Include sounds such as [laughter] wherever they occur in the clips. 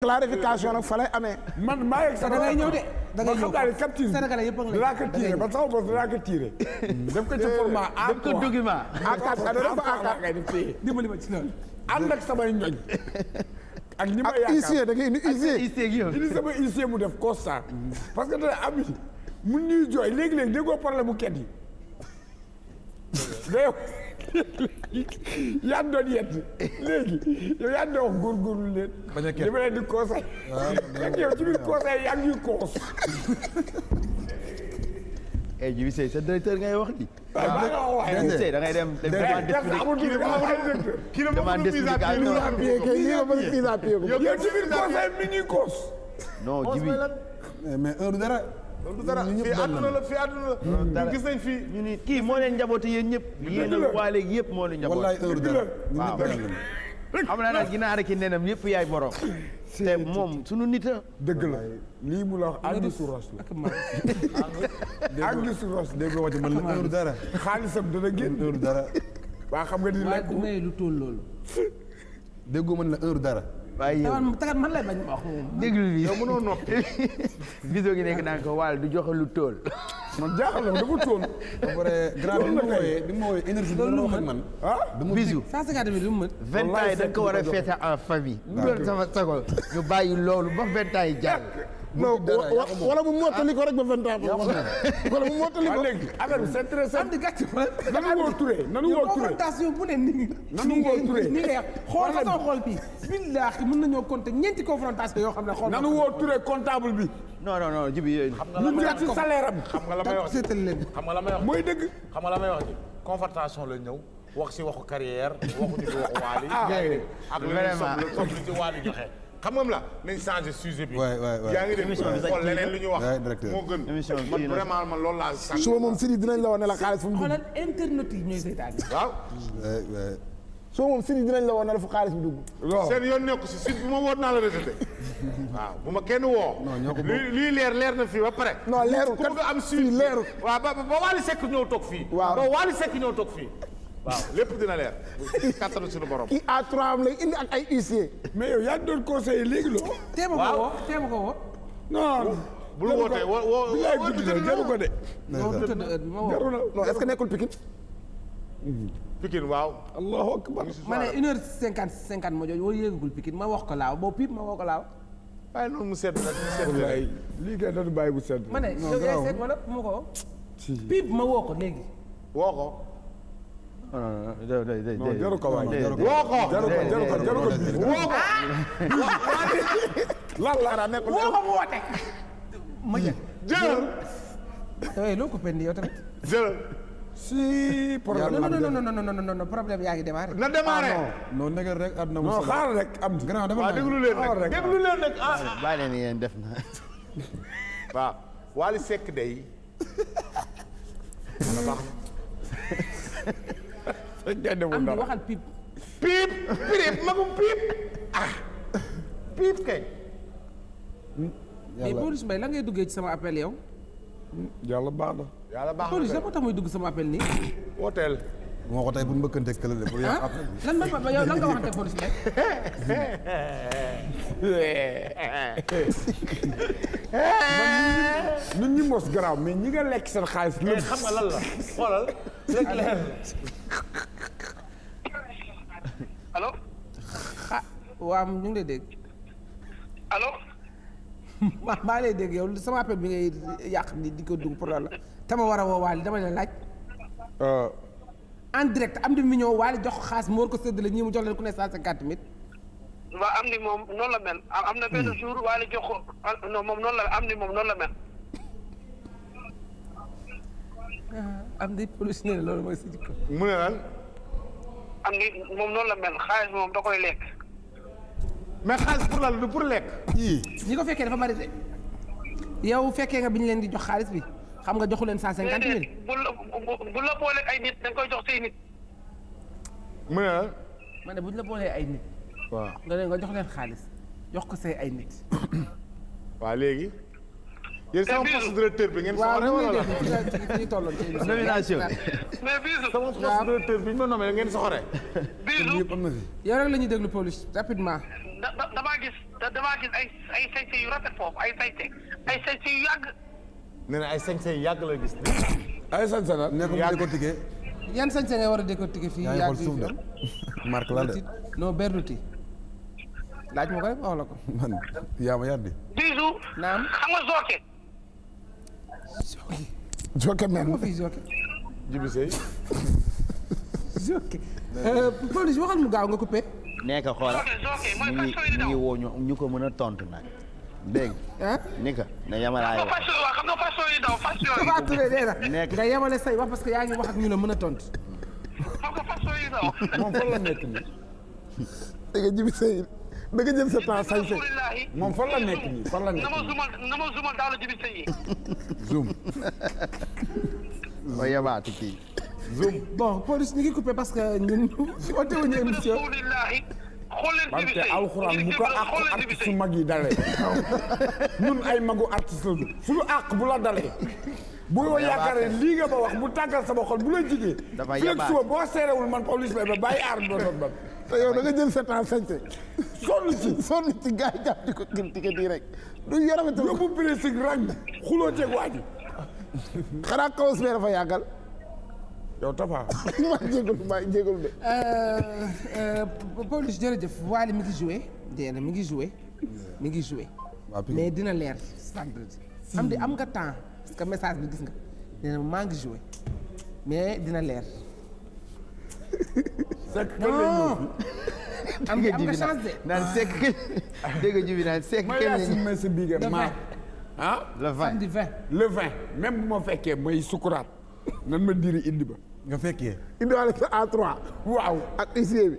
clarification nag fa lay amee. man maa yegg sama da ngay ñëw de. da ngay ñëw Sénégalais a ngi lay ko ba sama bopp dinaa def ko ci format A3 def A4 a samay ñoñ. ak ñi ma ak huissier da ngay indi huissier. ak huissier mu def constat. parce que tey am mun ñuy jooy léegi léegi déggoo problème bu [laughs] yaa doon yett léegi yow yaa doon wax góorgóorlu leen. bañ a kenn li ma leen di conseil. waaw ah, [laughs] yow ci biir conseil yaa ngi ñuy cons. [laughs] eh Jibi Seye sa directeur ngay wax di. waaw waaw da ngay dem dem demande d'explication. demande d'explication yow ci biir conseil mi ñuy cons. non Jibi eh, mais heure dara. loolu du dara fii àdduna la fii àdduna la. gis nañ fii. ñu ni kii moo leen njaboote yéen ñëpp. yéen a waa moo leen njaboote. wallaay heure dara waaw xam naa nag ginaar ak i nenam yëpp yaay borom. moom sunu nit a. dëgg la lii mu la wax àgg su ros la. àgg su ros dégg nga man la heure dara. xaalisam dana génn heure dara. waa xam nga ni la du may lu toll loolu. [laughs] déggoo man la heure dara. waaye yow tagat man lay bañ ma wax déglu bi yow [laughs] gi nekk daan ko waal du jox lu tool man jaaxal na dafa tóon après grand bi ma wooyee bi wax man ah bisu cent cinquante mille mu mën vingt ans yi da nga ko war en famille bu doon sama sagol ñu bàyyi loolu ba vingt ans non wala mu mottali ko rek ba vingt ans. wala mu mottali ko. léegi affaire bi c'est très simple. nanu woo Touré nanu woo Touré confrontation bu ne nii. nanu xool façon xool bi. billaahi mën nañoo compter ñeenti confrontation yoo xam ne xool. nanu woo Touré comptable bi. non non non Jibi. xam nga la may wax salaire am. xam nga la may wax xam nga la may wax mooy dëgg. xam nga la may wax ji confrontation la ñëw. wax si waxu carrière waxu ci waxu waali. ah ak lu ci waali joxe. xam nga la nañ changé sujet bi. waay waay waay yaa ngi dem xool leneen lu ñu wax. moo gën émission bi vraiment man loolu laa. changé suba moom Sidi dinañ la wane la xaalis fu mu. internet yi ñooy seetaan. waaw. suba moom Sidi dinañ la wane la fu xaalis bi dugg. waaw yoon nekku si Sidi bi ma naa la rejeté. [laughs] waaw bu ma kenn woo. lii leer leer na fii ba pare. non leerul kat ku bëgg am suivi leerul. waaw ba ba Wally Seck ñëw toog fii. waaw ba Wally sekk ñëw toog fii. waaw lépp dina leer. kattanu suñu borom. lay indi ak ay huissier. mais yow yaa ngi doon conseiller léegi loo. teema ko woo teema ko woo. non. bul wootee woo woo woo tëdd ko de. non est ma woo wax ko laaw boo piip woo ko laaw. mu sedd nag mu sedd nag. lii kay dañu bàyyi bu sedd. ma ne yow yaay seet wala ma ko. piip ma woo ko léegi. woo ko. Eh, non ah, non ah, non ko waay jaru ko jaru ko jaru ko woo ko lan woo ko mu woote. ma jël jël. eh loo yaa ngi démarré. na démarré non non rek am na. non xaar am. grand dama déglu leen déglu leen rek ah ah. bàyyi leen yéen def na. waaw Wally Seck am na waxal piip. piip piip magum piip ah piip kay. mais Pawlish Mbaye la ngay duggee ci sama appel yow. yàlla baax na. yàlla baax na Pawlish lan moo tax muy dugg sama appel nii. [coughs] wooteel. moo ko tey bu ñu mbëkkante kële de pour yow ah, appel. lan ma fa yow lan nga waxante Pawlish Mbaye. ñun ñi mos garaaw mais ñi nga lekk seen xaalis. lépp eh, xam nga lan la xoolal. [laughs] waaw ñu ngi lay dégg. allo. [laughs] maa maa lay dégg yow sama appel bi ngay yàq ni di ko dugg pour la ma war a woo Waly dama la laaj. Ah. en direct am di mu ñëw Waly jox xaalis xaas mu war ko séddale mu jox leen ku ne cent moom noonu la am na benn jour Waly moom noonu la am ni moom noonu la mel. am hmm. ah, di ah, plus ne loolu mooy si jikko. mu ne lan. am ni moom noonu la mel xaalis moom da koy lekk. mais xaalis pour lal du pour lekk. ñi ko fekkee dafa bari de yow fekkee nga bi ñu leen di jox xaalis bi xam nga joxu leen cent cinquante mille. bu bu la booleeg ay nit da koy jox say nit. mu ne. ma ne bu la boolee ay nit. waaw nga ne nga jox leen xaalis jox ko say ay nit. waa léegi. yéen sama poste directeur bi ngeen. waaw ñu nomination mais bisu. sama poste directeur bi ñu ma nommé ngeen soxore. bisu yëpp am na fi. da da da damaa ay ay yu rafet foofu ay sañse ay sañse yu yàgg. nee ay sañse yu yàgg la gis. ay sañse nag nekkul mu décortiquer. yan sañse ngay war a décortiquer fii. yaa ngi xool suuf la de. non berluti. laaj ma la ko. man yaa ma yàddi. bisu. naam xam nga Sokone. jokke men ma fiy jokke. Jibi jokke. Euh, mu gaaw nga coupé. nee ko xoolal mu ngi mu ngi woo ñu ko mën a tontu nag. dégg nga. ni ka ne yamalaay wax. xam nga façon yi daw façon na yamale say wax parce que yaa ngi wax ak ñu la mën a tontu. xam nga façon yi moom fan nekk nii. da Jibi Seye da nga jël sa temps sañ moom fan nekk nii fan nekk nii. zoom. mooy yabaatu kii. bon police ñu ngi coupé parce que ñun. woote wu ñu émission. parce que alxuraan bu ko àq artiste su mag yi dalee. [laughs] ñun ay magu artiste la suñu àq bu la dalee. bu ma yaakaaree lii nga ma wax mu tàggal sama xol bu la jigee. dafa yebaat fii suba boo seerewul man Pawlish Mbaye ba bàyyi aar ba doon ba. te yow da nga jël sa temps sañte. sonn ci [laughs] sonn ci gaa yi jàpp di ko critiquer di rek. du yoramatul yóbbu pressing rang xuloo ceeg waa ji. xanaa Pawlish Mbaye dafa yàggal. yow Tafa. [laughs] maa jégalu maa jégalu de. Euh, euh, Pawlish jërëjëf Waly mi ngi joué. dee na mi ngi joué. mi ngi joué. mais dina leer sànq. am di am nga temps. que message bi gis nga nee na maa ngi joué mais dina leer. sakk kenn am nga chance de naan sekk dégg ji bi sekk kenn le vingt ah? même bu ma fekkee may sukuraat nan ma diri indi ba. nga fekkee. indiwaale sa A3 waaw ak huissier bi.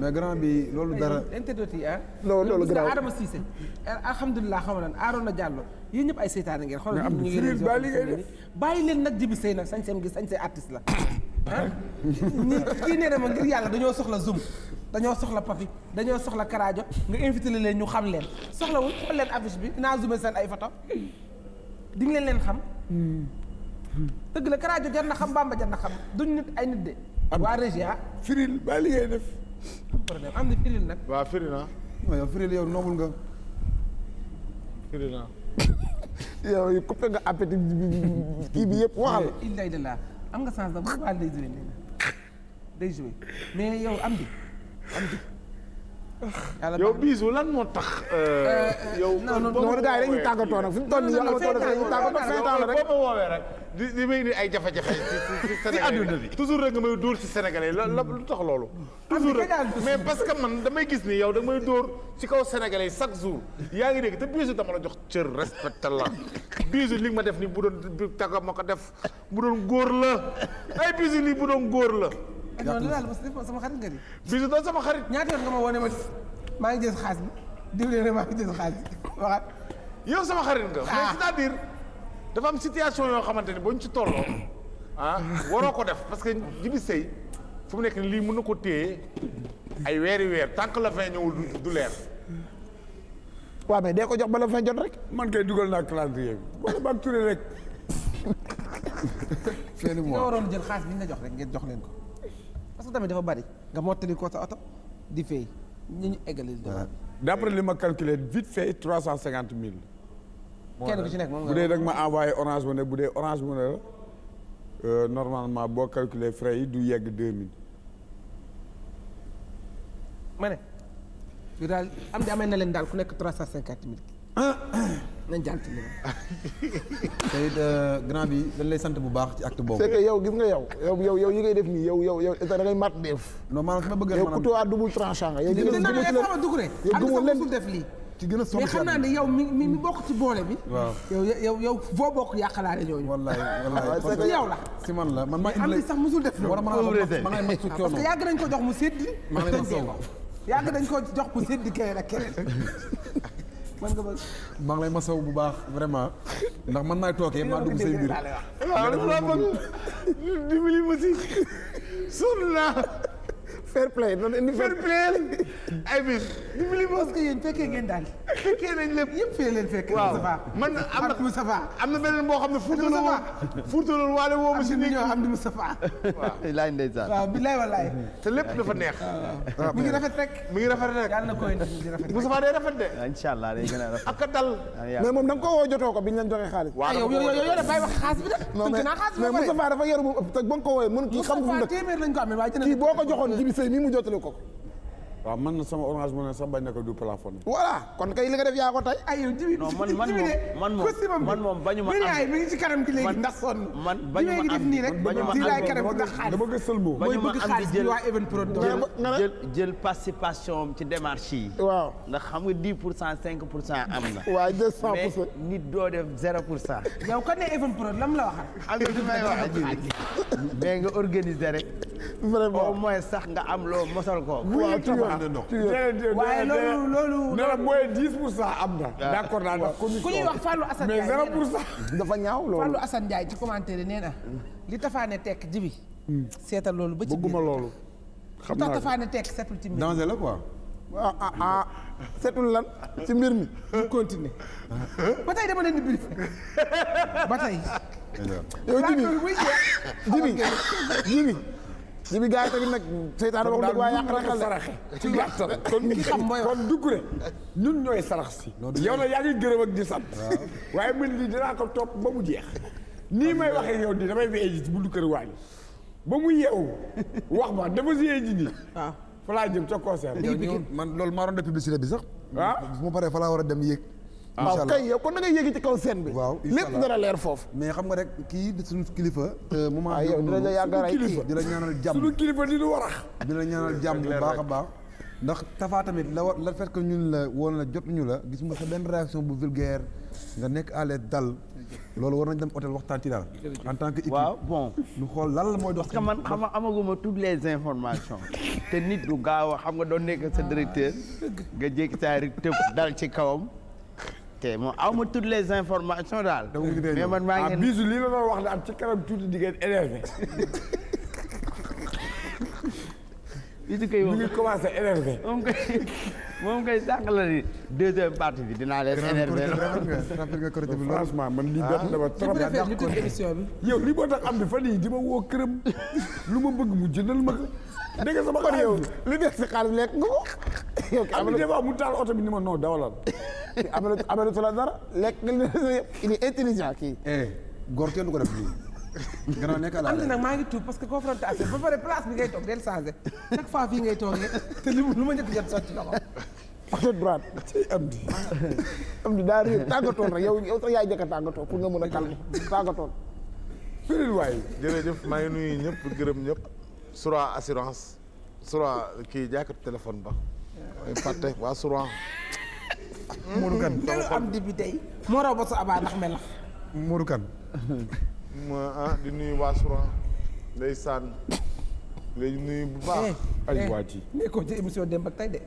mais grand bi loolu dara. internet yi ah. loolu loolu grand Adama Cissé. Eh, alhamdulilah xam nga Arona Diallo yéen ñëpp ay seytaane ngeen. xoolal ñu ngi leen di bàyyi leen nag Djibi Sèye sañ seen gis sañ seen artiste la. [coughs] ah kii nee na ma ngir yàlla dañoo soxla zoom dañoo soxla papi dañoo soxla karaajo nga invité leen ñu xam leen soxlawul xool leen affiche bi naa zoomé seen ay photo di ngeen leen xam. Hmm. dëgg la karaajo jar na xam bamba jar na xam duñ nit ay nit de. waa régia ah. firil ba li def. problème am na firil nag. waaw firil naa. Ah. non yow firil nga. firil naa. Ah. [laughs] yow yi appétit kii bi yëpp waxal. illay de la am nga sens da bu baal day joué nee na day joué mais yow am di am di. yow bisu lan moo tax. Euh, euh, euh, yow non non non gars yi dañuy tàggatoo nag fu ñu toll rek. di di ay jafe-jafe ci [laughs] Sénégal yi toujours rek nga may door ci sénégalais la la lu tax loolu ah, toujours rek mais parce que man damay gis ni yow da may dóor ci kaw sénégalais chaque jour yaa ngi dégg te bisu dama la jox cër respecté la bisu li ma def ni bu doon taga ma ko def bu góor la ay bisu lii bu doon góor la eh non loolu daal mos sama xarit nga di bisu doon sama xarit ñaata yoon nga ma wone ma maa ngi des xaalis bi diw leen maa ngi des xaalis yow sama xarit nga mais ah. c'est-à-dire dafa am situation yoo xamante ne bañ ci tolloo ah waroo ko def parce que Djibi Sèye fu mu nekk lii mun na ko téye ay weeri weer tant la fin ñëwul du leer. waaw mais dee ko jox ba la fin jot rek. man kay dugal naa calendrier bi wala ba turé rek. seen [laughs] waroon jël xaalis bi ñu jox rek ngeen jox leen ko parce que tamit dafa bari nga mottali ko sa oto di fay ñu ñu eggalil. d' après li ma calculé vite fait trois cent cinquante mille. kenn ku ci nekk moom nga bu dee nag ma envoyé orange mu ne bu dee orange mu ne la normalement boo calculer frais yi du yegg deux mille. ma ne. yu daal am di amee na leen daal ku nekk trois cent cinquante mille. nañ jàll ci grand bi dañ lay sant bu baax ci acte boobu. c'est que yow gis nga yow yow yow yi ngay def nii yow yow yow da ngay mat def. non maanaam fi ma bëgg a. maanaam yow couteau à double tranchant nga. yow gëmul lépp ci gën a sonn mais xam naa ne yow mi mi mm. bokk ci boole bi. waaw yow yow yow foo bokk yàqalaale ñooñu. wallaay wallaay [laughs] parce que yow la. si man la man maa indi am sax mosul def loolu. ma ma parce que yàgg ko jox mu séddi. ma lay [laughs] yàgg nañ ko jox mu séddi keneen ak keneen. [laughs] man nga ma ngi lay masaw bu baax vraiment ndax man maay tookee maa dugg say mbir. waaw li ma la bëgg dimbali ma si sonn naa. fair play noonu indi fair play [laughs] ay biir ñu mu li parce que yéen fekkee ngeen daal fekkee nañ lépp yëpp fee leen fekk waaw man am na Moustapha am na beneen boo xam ne fuurtalool fuurtalool waale woomu si ni ñoo am di Moustapha waaw laay ndeysaan waaw bi laay walaay te lépp dafa neex ah, ah, mu ngi rafet rek mu ngi rafet rek yàlla na koy di rafet Moustapha day rafet de ah, incha allah day gën a rafet ak dal mais moom da nga ko woo jotoo ko bi ñu leen joxee xaalis yow yow yow da bàyyi wax xaalis bi de naa xaalis mais Moustapha dafa yaru moom te ba nga ko wooyee mën kii xam fu mu dëkk téeméer lañ ko amee waaye kii boo ko joxoon jibi sëy mi mu jottali ko ko waaw man na sama orange mu ne sax bañ na ko du plafonné. voilà kon kay li nga def yaa ko tey. ay man man moom man moom am man bañu ma am nii rek di laay kanam gi ndax xaalis. dama gën sëlmo mooy bëgg xaalis jël jël participation ci démarche yi. waaw ndax xam nga 10 pour cent 5 pour cent am na. waaw jël 100 nit doo def 0 pour cent. [laughs] yow kan ne Even Prod la waxal. [laughs] am na li may [laughs] nga organiser rek. vraiment au sax nga am loo mosal ko. am na waaye loolu loolu. nee mooy 10 pour cent am na. Ah. d' accord naa ndax commission ku ñuy wax Fallou Assane Ndiaye mais 0 pour ci commentaire nee li tafaane tekk jibi hmm. seetal loolu ba ci biir bëgguma loolu. xam naa tafaane tekk setul ci mbir la quoi. ah ah ah setul mbir mi. ñu continuer ba tey dama leen di briefé [laughs] ba tey. yow jibi jibi li bi yi tamit nag seytaane wax dëgg waaye yàq na xel saraxe ci gàttal kon ki xam mooy kon duggure ñun ñooy sarax si yow nag yaa ngi gërëm ak di sant waaye mën lii dinaa ko topp ba mu jeex nii may waxee yow di damay fi egit bu du kër waañ ba mu yeewu wax ma dafa si egit nii ah. fa laa jëm ca concert man loolu maa doon def publicité bi sax bu ah. ma paree fa laa war a dem yéeg waaw kay yow kon da ngay ci kaw seen bi waaw lépp dara leer foofu mais xam nga rek kii di suñu kilifa te moment yow dina la yàgg rek la ñaanal jàmm suñu kilifa di lu warax di la ñaanal jàmm bu a baax ndax tafaa tamit la war la fait ñun la woon la jot ñu la gis ma sa benn réaction bu vulgaire nga nekk à l'aise dal loolu war nañ dem hôtel waxtaan ci daal en tant que équipe waaw bon ñu xool lan la mooy dox parce man xam nga amaguma toutes les informations [laughs] te nit du gaaw a xam nga doon nekk sa directeur nga jékki saa rek dal ci kawam te moom aw ma toutes les informations daal. mais man maa ngi ah, bisu lii ma wax daal ci kanam tuuti di ngeen énervé. [laughs] bisu yow li moo tax am di fan yii di ma woo këram lu ma bëgg mu jëndal ma ko. dégg sama kon yow li des si xaalis lekk nga ko. yow am na mu taal oto bi ni ma non dawalal. amelu amelatu la dara lekk nga yëpp il est intelligent kii. Eh, góor kenn du ko def lii. gannaaw nekk àll am na nag maa ngi tuub parce que confrontation ba pare place bi ngay toog del changé chaque fois fii ngay toogee te li lu ma njëkk jot sotti loxo. côté droite ci am di am di daa réer tàggatoon rek yow yow sax yaay jëkk a tàggatoo pour nga a calme tàggatoon. pérél jërëjëf maa ngi nuyu ñëpp gërëm ñëpp Sura assurance Sura ki jaakatu téléphone ba fàtte waa Sura Modou Kane delu am di bi moo raw ba su abaa ndax melax Modou Kane ma ah di nuyu waa Souran ndeysaan léegi nuyu bu baax eh, ay eh, waa ci nekkoo ci émission démb ak tey de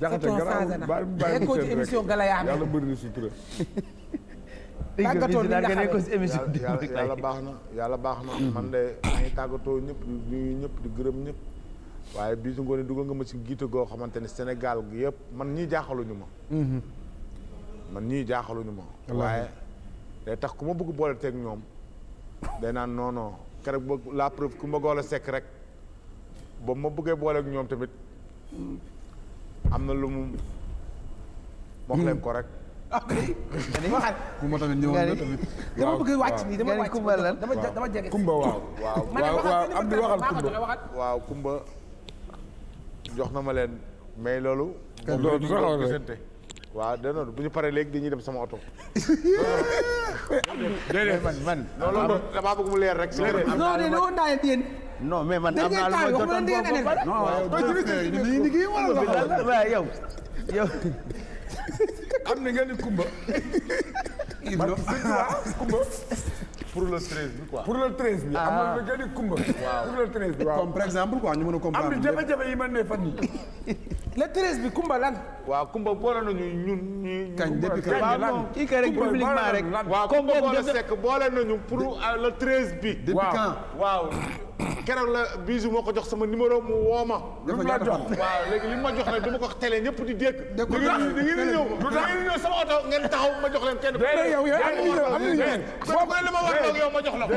jaxate garaawul [laughs] nekkoo ci émission Galaya yàlla bëri na baax na yàlla baax na man de maa ngi tàggatoo ñëpp di ñëpp di gërëm ñëpp waaye Bijou Ngoné dugal nga ma ci giite goo xamante ne Sénégal gi yëpp man ñii jaaxaluñu ma. Mhm. man ñii jaaxaluñu ma. waaye day tax ku ma bugg boole teeg ñoom day naan non non keroog ba la preuve ku ma gool a sekk rek ba ma buggee boole ñoom tamit am na lu mu wax leen ko rek. ah [laughs] ku ma tamit ñëwoon na tamit. [laughs] nii dama wàcc dama dama jege. Kumba waaw [laughs] waaw waaw Kumba. jox na ma leen mais loolu. loolu du ko gisante waaw dana bu ñu paree léegi dañuy dem sama oto. [laughs] déedéet man man. loolu damaa mu leer rek. non de non naa yéen. non mais man am naa lu ma yow am na ngeen ni Kumba. Kumba. pour le treize bi quoi. pour le treize bi. ah kumba. waaw pour le bi comme par exemple quoi ñu mën a comprendre. am na jafe-jafe yi ma ne fan yii. le treize bi kumba lan. waa kumba boole nañu ñun ñun. kañ depuis kañ waaw kii kay rek publiquement rek. waaw kumba boole sekk boole nañu pour euh, le treize bi. depuis quand keroog la bisu moo ko jox sama numéro mu woo ma. lu la jox waaw léegi li ma jox nag du ma ko télé ñëpp di dégg. da ngeen di ñëw da sama oto ngeen taxaw ma jox leen kenn. déedéet yow yow am na ñu boo ko li ma war yow ma jox la ko.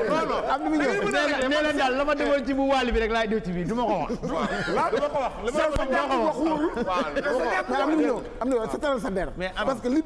am na ñu nee na daal la ma demoon ci bu wàll bi rek laay def ci biir du ma ko wax. waaw du ma ko wax li ma wax du ma ko wax. du ma ko wax waaw am na ñu am na yow sa teral sa der. parce que li